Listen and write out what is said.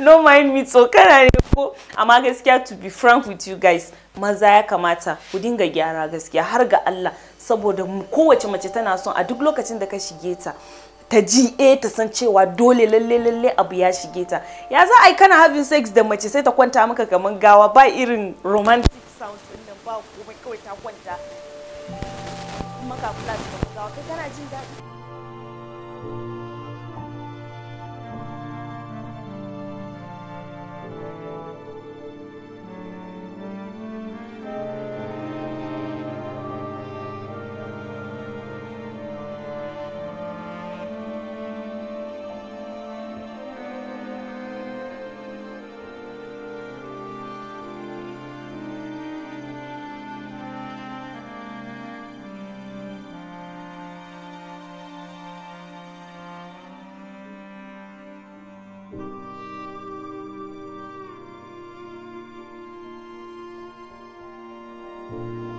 no mind me tsokana ne ko amma gaskiya to be frank with you guys maza ya kamata ku dinga gyara gaskiya har ga Allah saboda kowace mace tana son a duk lokacin da ka shige ta ta ji eh ta san cewa dole lalle lalle abu ya shige ta ya za a yi kana having sex da mace sai ta kwanta maka kaman gawa ba irin romantic sound din nan ba komai kawai ta kwanta maka kula da gawa kai kana jin daɗi thank you